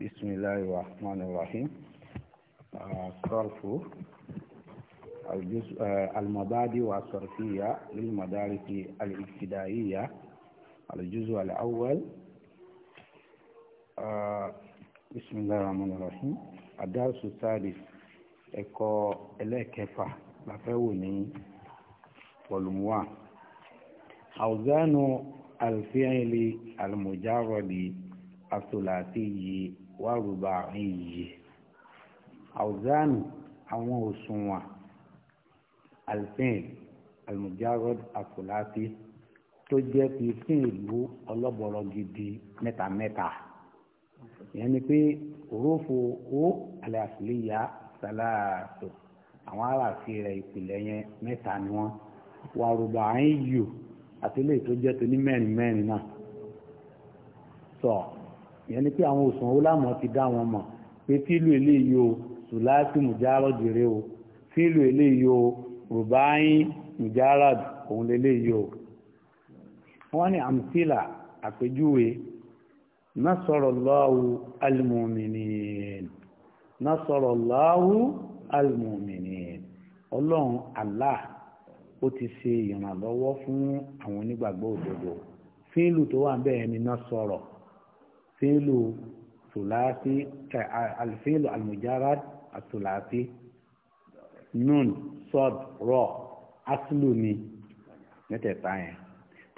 bisimilahi rahman rahim sọ́ọ̀fù المبادئ والصرفية للمدارس الابتدائية الجزء الأول بسم الله الرحمن الرحيم الدرس السادس ẹ̀kọ́ ẹlẹ́ẹ̀kẹfà la fẹ́ wò ní volume one awzanu alfi'li almujarradi àtòlàtìyì wárùbà ìyì àwùzánù àwọn òṣùwọ̀n alfin almujarod àtòlàtì tó jẹ́ fífín ìlú ọlọ́bọ̀rọ̀ gidi mẹ́ta mẹ́ta ìyẹn ni pé òrófo ó alẹ́ àfìlẹ́yà sàlàtò àwọn aláàfin rẹ̀ ìpìlẹ̀ yẹn mẹ́ta ni wọ́n wàrùbà àyìn yù àti ilé tó tó ní mẹ́rin mẹ́rin náà sọ ìyẹn ni pé àwọn òṣùwọ̀n owó láwọn ti dá wọn mọ̀ pé fílù eléyìí o sùláàtì mùjárọ̀ jèrè o fílù eléyìí o rùbáyín mùjárọ̀ òun lélẹ́yìí o. wọ́n ní àmsílà àpèjúwe nasarallahu almu'minin nasarallahu almu'minin ọlọ́run allah ó ti ṣe ìrànlọ́wọ́ fún àwọn onígbàgbọ́ òdodo fílù tó wà bẹ́ẹ̀ ni nasọ̀rọ̀ فعل ثلاثي الفعل المجرد الثلاثي نون صاد را أصلني نا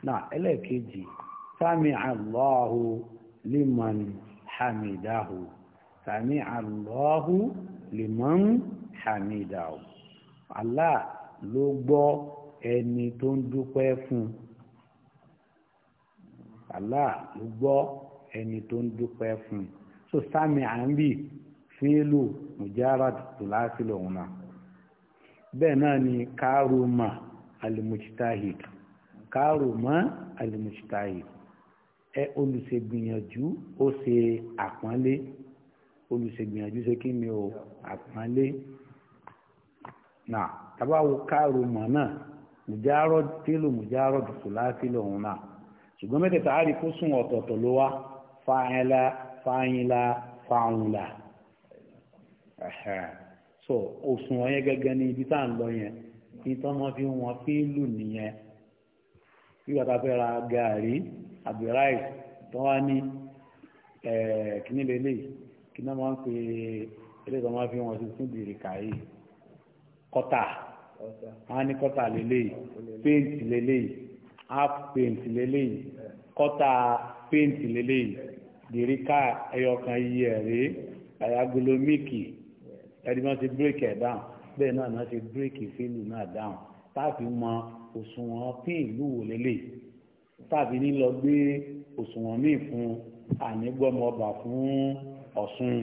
نعم إلى سمع الله لمن حمده سمع الله لمن حمده الله ló gbọ́ ẹni tó ń dúpẹ́ ẹni tó ń dúpẹ́ fún so sami àǹbì fílù mujarad tùlásì lòun náà bẹ́ẹ̀ náà ni kárùmà alimujtahid kárùmà alimujtahid ẹ olùṣègbìyànjú ó ṣe àpọ́nlé olùṣègbìyànjú ṣe kí ni o àpọ́nlé náà tabawo kárùmà náà mujarad fílù mujarad tùlásì lòun náà ṣùgbọ́n mẹ́tẹ̀ẹ̀ta àríkú sùn ọ̀tọ̀ọ̀tọ̀ ló wá. fáyínlá fáyínlá fáwùnlá so òṣùwọ̀n yẹn gẹ́gẹ́ ní ibi tá à ń lọ yẹn ní tí wọ́n fi wọ́n fi ń lù nìyẹn nígbà tá a fẹ́ ra gàárì àbí ráìs tó wá ní kíní lélẹ̀ kí náà máa ń pè eléyìí tó máa fi wọ́n sí fún dìrìkà yìí kọ́tà wọ́n á ní kọ́tà lélẹ̀ péǹtì lélẹ̀ half péǹtì lélẹ̀ kọ́tà péǹtì lélẹ̀ dèríkà ẹyọkan iye ẹ̀rí ayagolo míìkì ẹni wọ́n ti bírèkì ẹ̀ dáhùn bẹ́ẹ̀ náà wọ́n ti bírèkì fílù náà dáhùn táàfin mọ òṣùwọ̀n pín ìlú wò lélẹ̀ táàfin ní lọ gbé òṣùwọ̀n míì fún ànígbọ́mọba fún ọ̀ṣun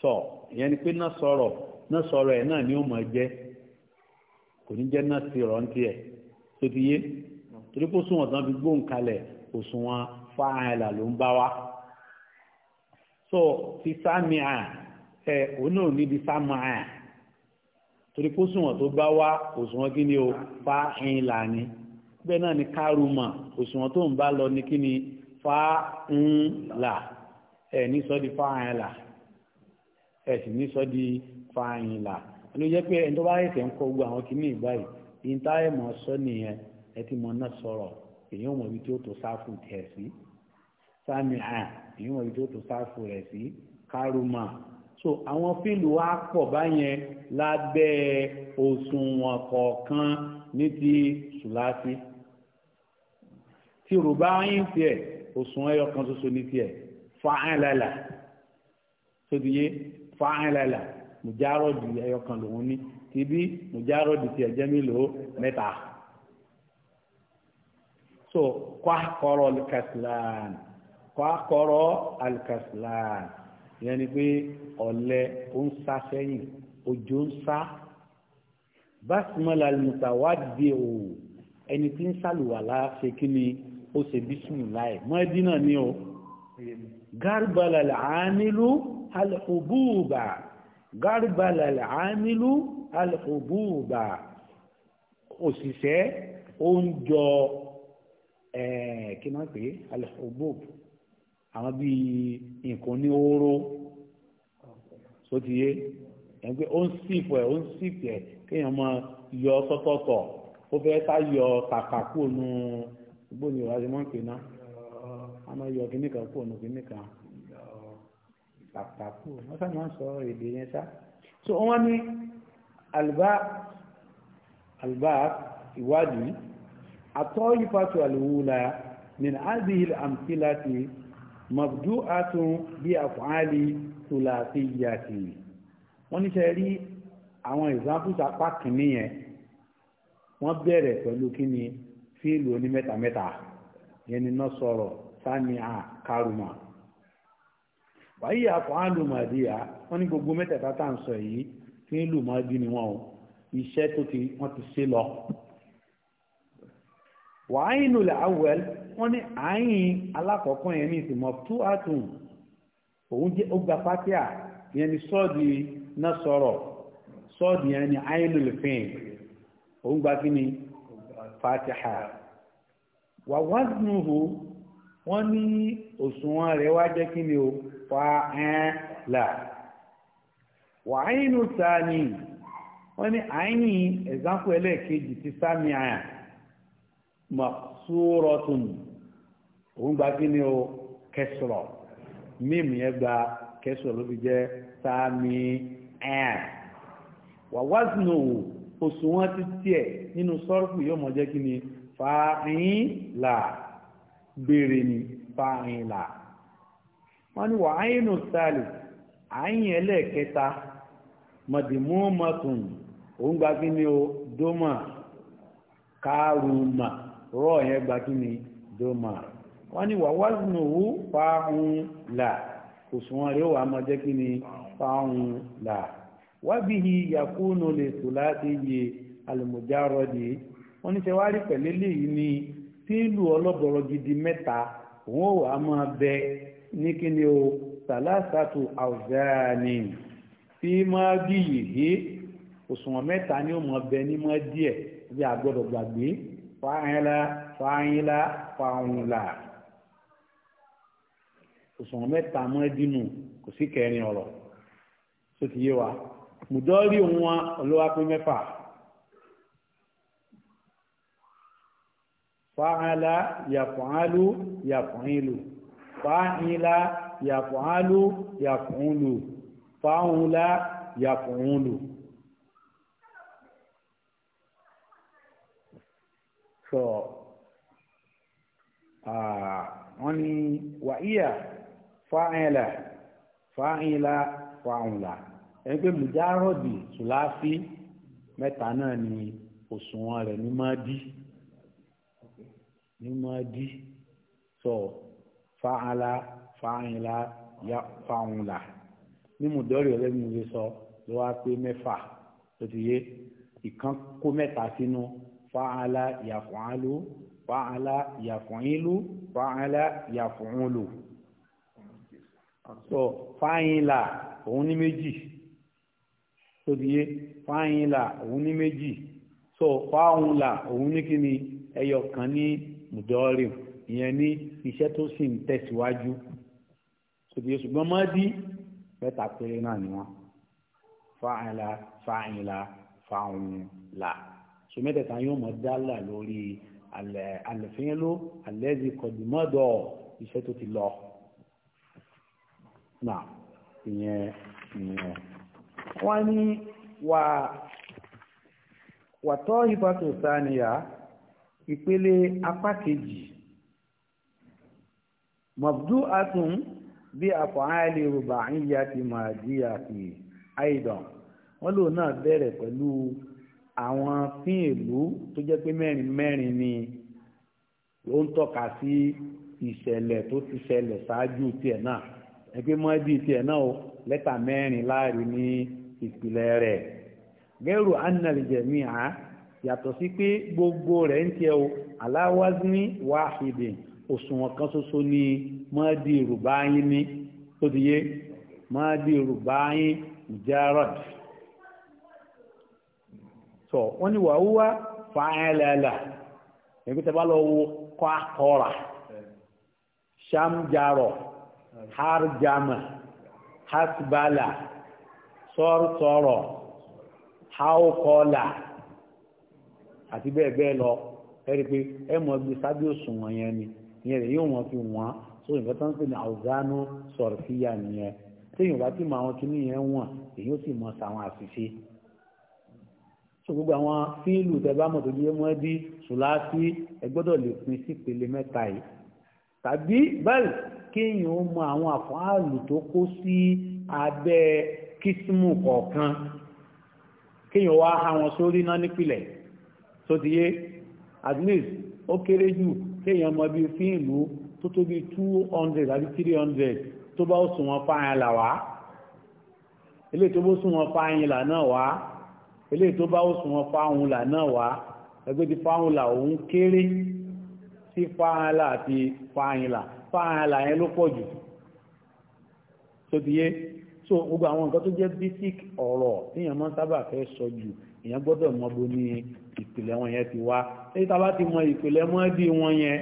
sọ ìyẹn ni pé náà sọ̀rọ̀ náà sọ̀rọ̀ ẹ̀ náà ni ó mọ̀ jẹ́ kò ní jẹ́ náà ti rọ̀ ń tiẹ̀ tó ti yé torí kó sùn ọ̀sán fi gbóhùn kalẹ̀ òṣùwọ̀n fáàlà ló ń bá wa so ti sámìà ẹ òun náà níbi sámìà torí kó sùnwọ̀n tó bá wá òṣùwọ̀n kí ni o fáàlà ni bẹ́ẹ̀ náà ni kárùmà òṣùwọ̀n tó ń bá lọ ni kí ni fáàlà ẹ ní sọ di fáàlà ẹ sì ní sọ di fáàlà ló jẹ́ pé ẹni tó bá rẹ̀ tẹ̀ ń kọ gbogbo àwọn kìíní ìgbà yìí ìntàrẹ̀mọ̀ sọ nìyẹn ẹ ti mọ̀ náà sọ̀rọ̀ èyàn mọ̀ ibi tí ó tó sáfù tiẹ̀ sí sami à èyàn mọ̀ ibi tí ó tó sáfù rẹ̀ sí kárùmà so àwọn fíìlù wa pọ̀ báyẹn lábẹ́ òṣùwọ̀n kọ̀ọ̀kan ní ti sùlásí tí yorùbá yín tiẹ̀ òṣùwọ̀n ẹyọ kan ṣoṣo ní tiẹ̀ fàáńlálà sódìyẹ fàáńlálà mùjárọ̀dì ẹyọ kan lòún ní tìbí mùjárọ̀dì tiẹ̀ jẹ́ mélòó mẹ́ta so kwakọrọ alikasilan kwakọrọ alikasilan ìyẹn ni pé ọ̀lẹ ó ń sá sẹ́yìn òjò ń sá basmala mutawadi o ẹni tí ń sàlùwàlá ṣe kí ni ó ṣe bísùnlá ni o garbala al'amilu alhububa garbala al'amilu alhububa òṣìṣẹ́ ó kí náà pé alhubub àwọn bíi nǹkan ní oró sótìyé ẹ̀ ń pé ó ń sípò ẹ̀ ó ń sípò ẹ̀ kéèyàn máa yọ sọ́tọ̀ọ̀tọ̀ ó fẹ́ ká yọ kàkà kúrò nù gbóni ìwádìí mọ́ ń pè náà a máa yọ kíní kan kúrò nù kíní kan kàkàkù wọn fẹẹ máa ń sọ èdè yẹn sá so wọn ní alba alba ìwádìí الطائفة الأولى من هذه الأمثلة مبدوءة بأفعال ثلاثية wọ́n ní sẹ́rí àwọn examples apá kìíní yẹn wọ́n bẹ̀rẹ̀ pẹ̀lú kíni fíìlù oní mẹ́tamẹ́ta yẹn ni náà sọ̀rọ̀ saniya karuma wàyí àfọ̀hánù màdíyà wọ́n ní gbogbo mẹ́tẹ̀ẹ̀ta tá à ń sọ yìí fíìlù mọ́dí ni wọ́n o iṣẹ́ tó ti wọ́n ti ṣe lọ wàáyínú lè awẹ́l wọ́n ní àyìn alákọ̀ọ́kọ́ yẹn ní ìsìnmọ̀ tú àtùn òun jẹ́ ó gba pátíà yẹn ni sọ́ọ̀dì náà sọ̀rọ̀ sọ́ọ̀dì yẹn ni àyínú lè fìn òun gba kí ni fatiha wà wázùnùhù wọ́n ní òṣùwọ̀n rẹ̀ wá jẹ́ kí ni o fa ẹ́n là wàáyínú sáà ni wọ́n ní àyìn ẹ̀zánkù ẹlẹ́ẹ̀kejì ti sáà ni àyàn. maqsuratun òun gba kí ni o kẹsùrọ̀ mímu yẹn gba kẹsùrọ̀ ló fi jẹ́ sáàmì ẹ̀ wà wázìnà o òṣùwọ̀n ti tiẹ̀ nínú sọ́ọ̀fù yóò mọ̀ jẹ́ kí ni fàáhìn là béèrè ni fàáhìn là wọ́n ní wà áyínú sálì àyìn ẹlẹ́ẹ̀kẹta mọ̀dìmọ́mọ́tún òun gba kí ni o dómà kárùmà rọ yẹn gba kí ni dọ́mà wọ́n ní wà wázùnù wú fáhùn là òṣùwọ̀n rẹ̀ wà máa jẹ́ kí ni fáhùn là wábìhì yakúnù lè tò láti yẹ alùmọ̀járọ̀dì wọ́n ní sẹ́wárí pẹ̀lú eléyìí ni tíìlù ọlọ́bọ̀rọ̀ gidi mẹ́ta òun ò wá máa bẹ ní kí ni o sàlásàtù àwùjáàní tí máa bí yìí òṣùwọ̀n mẹ́ta ni ó mọ bẹ nímọ̀ díẹ̀ bí a gbọ́dọ̀ gbàgbé fáyínlá fáyínlá fáyínlá òṣùwọ̀n mẹ́ta mọ́ dínú kò sí kẹrin ọ̀rọ̀ tó ti yé wa mùdọ́rí òun wa olówó pé mẹ́fà fáyínlá yàfọ̀hánlú yàfọ̀hánlú fáyínlá yàfọ̀hánlú yàfọ̀hánlú fáyínlá yàfọ̀hánlú. so uh, wọ́n ní wàhíyà fáìlà fáìlà fáìlà ẹni pé mùjárọ̀dì tùláfí mẹ́ta náà ni òṣùwọ̀n rẹ̀ ní máa dí ní máa dí so fáìlà fáìlà ya fáìlà ní mùdọ́rì ọlẹ́mú lè sọ ló wá pé mẹ́fà tó ti yé ìkan kó mẹ́ta sínú fa'ala yaf'alu fa'ala yaf'ilu fa'ala yaf'ulu so fáyínlà òun ní méjì tó di yé fáyínlà òun ní méjì so fáhùnlà òun ní kíni ẹyọ kan ní mùdọ́rì ìyẹn ní iṣẹ́ tó sì ń tẹ̀síwájú tó di yé ṣùgbọ́n mọ́dí mẹ́ta péré náà ni wọ́n fáyínlà fáyínlà fáhùnlà sọmẹtẹta yóò mọ dálà lórí àlẹfínló àlẹzì kọdìmọdọ iṣẹ́ tó ti lọ náà ìyẹn ìyẹn wọn ní wà wàtọ́ ìbátò sáníyà ìpele apá kejì mọ̀bdú atún bí àfọ̀hánilé rúbà ń yá ti máa jíyà sí àìdàn wọ́n lò náà bẹ̀rẹ̀ pẹ̀lú àwọn fín ìlú tó jẹ́ pé mẹ́rin mẹ́rin ni ló ń tọ́ka sí ìṣẹ̀lẹ̀ tó ti ṣẹlẹ̀ ṣáájú tiẹ̀ náà ẹ pé mọ́ẹ́dì tiẹ̀ náà o lẹ́tà mẹ́rin láàrin ní ìpìlẹ̀ rẹ̀ gẹ́rù anàlìjẹ̀mí à yàtọ̀ sí pé gbogbo rẹ̀ ń tiẹ̀ o aláwázní wáhìdì òṣùwọ̀n kan ṣoṣo ni mọ́ẹ́dì rùbáyín ní tó ti yé mọ́ẹ́dì rùbáyín mujarad sọ ni ní wàhúwá fàáyẹlẹ́lẹ́ ẹ̀gbẹ́ tẹ́ bá lọ wo kọ́ àkọ́ra ṣamjarọ̀ harjama hasbala sọ́rọ̀sọ̀rọ̀ haukọ́la àti bẹ́ẹ̀ lọ ẹ̀rí pé ẹ mọ̀ gbé sábẹ́ òṣùwọ̀n yẹn ni ìyẹn rẹ̀ yóò wọ́n fi tó nǹkan tó ń pè ní nìyẹn ti mọ àwọn èyí ó sì mọ sàwọn àṣìṣe tó gbogbo àwọn fíìlù tẹ̀bámọ̀ tó jẹ́ mọ́ di sùláàsì ẹ gbọ́dọ̀ lè pín sí ìpele mẹ́ta yìí tàbí bẹ́ẹ̀ kéèyàn ó mọ àwọn àfáàlù tó kó sí abẹ́ kísímù kọ̀ọ̀kan kéèyàn wá há wọn sórí náà nípìnlẹ̀ tó ti yé at least ó kéré jù kéèyàn mọ bí fíìlù tó tó bí two hundred àbí three hundred tó bá ó sùn wọn fáyín là wá eléyìí tó bó sùn wọn fáyín là náà wá eléyìí tó bá òsùn wọn fáwọnlà náà wá ẹgbẹ́ ti fáwọnlà òun kéré sí fáhánlà àti fáhánlà fáhánlà yẹn ló pọ̀ jù tó ti yé so gbogbo àwọn nǹkan tó jẹ́ basic ọ̀rọ̀ tíyàn máa ń sábà fẹ́ sọ jù èèyàn gbọ́dọ̀ mọ bó ní ìpìlẹ̀ wọn yẹn ti wá èyí tá a bá ti mọ ìpìlẹ̀ mọ́ẹ́dì wọn yẹn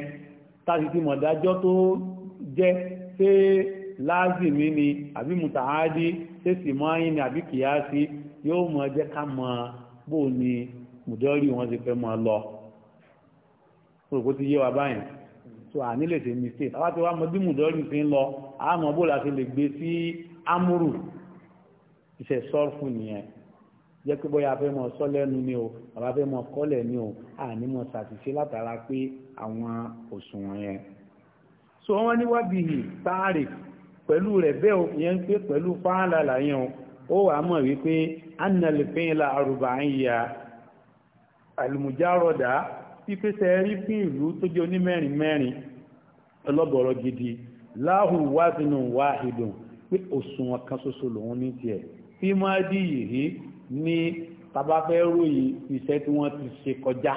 tá a sì ti mọ̀ dájọ́ tó jẹ́ ṣé láàzìmí ni àbí mùtàhádì ṣé sì mọ́ ayín ni àbí kìyàsí yóò mọ jẹ́ ká mọ bó ni mùdọ́rì wọn ti fẹ́ mọ lọ òkú ti yé wa báyìí tó à nílè ṣe mistake àwọn tí wàá mọ bí mùdọ́rì ti ń lọ àmọ́ bó la ti lè gbé sí amúrù iṣẹ́ sọ́ọ̀fù nìyẹn jẹ́ pé bóyá a fẹ́ mọ sọ lẹ́nu ni o àbá fẹ́ mọ kọ́lẹ̀ ni o àní mọ ṣàṣìṣe látara pé àwọn òṣùwọ̀n yẹn so wọ́n níwájú yìí táàrì pẹ̀lú rẹ̀ bẹ́ẹ̀ yẹn ń pé pẹ̀lú fáńlá làyẹn o ó wà mọ̀ wípé annalifínlá arúbáyíya alìmùjárọ̀dá pípẹ́sẹ̀ rí fún ìlú tó jẹ́ onímẹ́rin mẹ́rin ọlọ́bọ̀rọ̀ gidi láhùn wázinú wáhìdùn pé òṣùwọ̀n kan ṣoṣo lòun ní tiẹ̀ fí máa dì yìí ní tabafẹ́ ròyìn iṣẹ́ tí wọ́n ti ṣe kọjá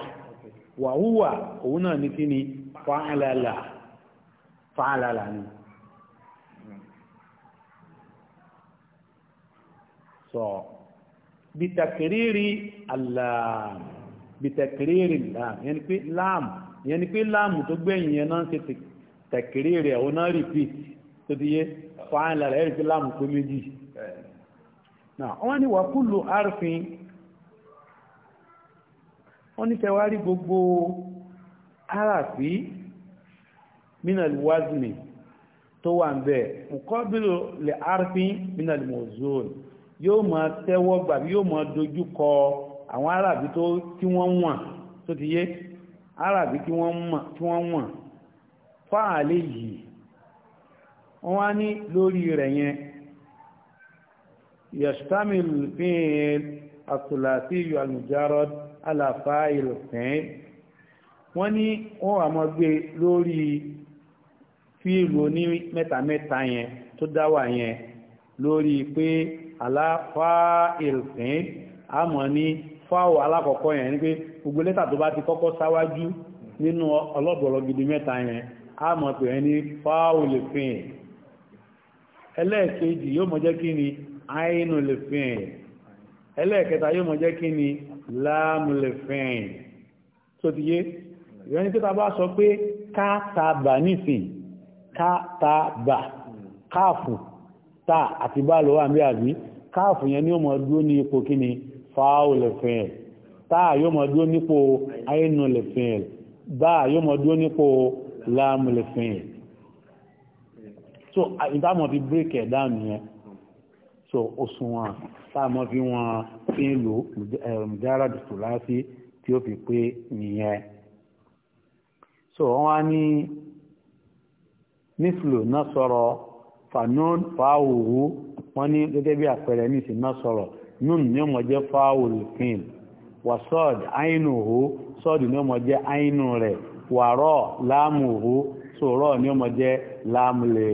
wàhúwà òun náà ní kí ni fàálàlà ni sọ bitakiriri alam bitakiriri lam yẹni pé lam yẹni pé lam tó gbẹ̀yìn yẹn náà ń ṣe takiriri àwọn náà repeat tó ti yé fáin lára ẹ̀rí pé lam pé méjì náà wọ́n ní wà kúlù arfin wọ́n ní tẹwárí gbogbo arafi minal wazni tó wà ń bẹ̀ mùkọ́bílò lè arfin minal mozone yóò máa tẹ́wọ́ gbà yóò máa dojú kọ àwọn arábí tó tí wọ́n wọ̀n tó ti yé arábí tí wọ́n wọ̀n fáàlè yìí wọ́n wá ní lórí rẹ̀ yẹn yashtamil fi'il àtùlàsí al-mujarrad ala fa'il fi'il wọ́n ní wọ́n wà mọ́ gbé lórí fíìlù oní mẹ́ta yẹn tó dáwà yẹn lórí pé aláfáìlfín àmọ́ ní fáwọ̀ alákọ̀ọ́kọ́ yẹn ni pé gbogbo lẹ́tà tó bá ti kọ́kọ́ sáwájú nínú ọlọ́gbọ̀rọ̀ gidi mẹ́ta yẹn àmọ́ pé ẹni fáwọ̀lẹ̀fín ẹlẹ́ẹ̀kejì yóò mọ̀ jẹ́ kí ni àínúlẹ̀fín ẹlẹ́ẹ̀kẹta yóò mọ̀ jẹ́ kí ni láàmúlẹ̀fín tó ti yé ìrẹ́ni pé ta bá sọ pé kátàbà nísìn kátàbà káàfù tá àti bá lọ́wọ́ àmì àbí káàfù yẹn ni ó mọ̀ dúró ní ipò kí ni fáwọ́ lẹ̀fẹ̀ẹ́ tá yóò mọ̀ dúró nípò àìnú lẹ̀fẹ̀ẹ́ yóò mọ̀ dúró nípò láàmù so ìbámọ̀ fi break ẹ̀ down yẹn so òṣùwọ̀n táàmọ́ fi wọn fi ń lò mùjára dùtù láti tí ó fi pé nìyẹn so wọ́n wá ní nífìlò náà sọ̀rọ̀ fanon fáwòwò wọ́n ní gẹ́gẹ́ bí àpẹẹrẹ ní ìsìn náà sọ̀rọ̀ nun ní ọmọ jẹ́ fáwòlù fíìn wà sọ́ọ̀dì àínú hó sọ́ọ̀dì ní ọmọ jẹ́ àínú rẹ̀ wà rọ̀ láàmù hó sọ̀rọ̀ ní ọmọ jẹ́ láàmù lè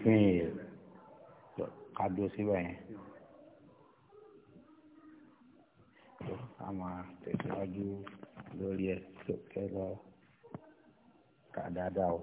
fíìn kàdó síbẹ̀ yẹn. a máa tẹ̀síwájú lórí ẹ̀ tó kẹ́ lọ o.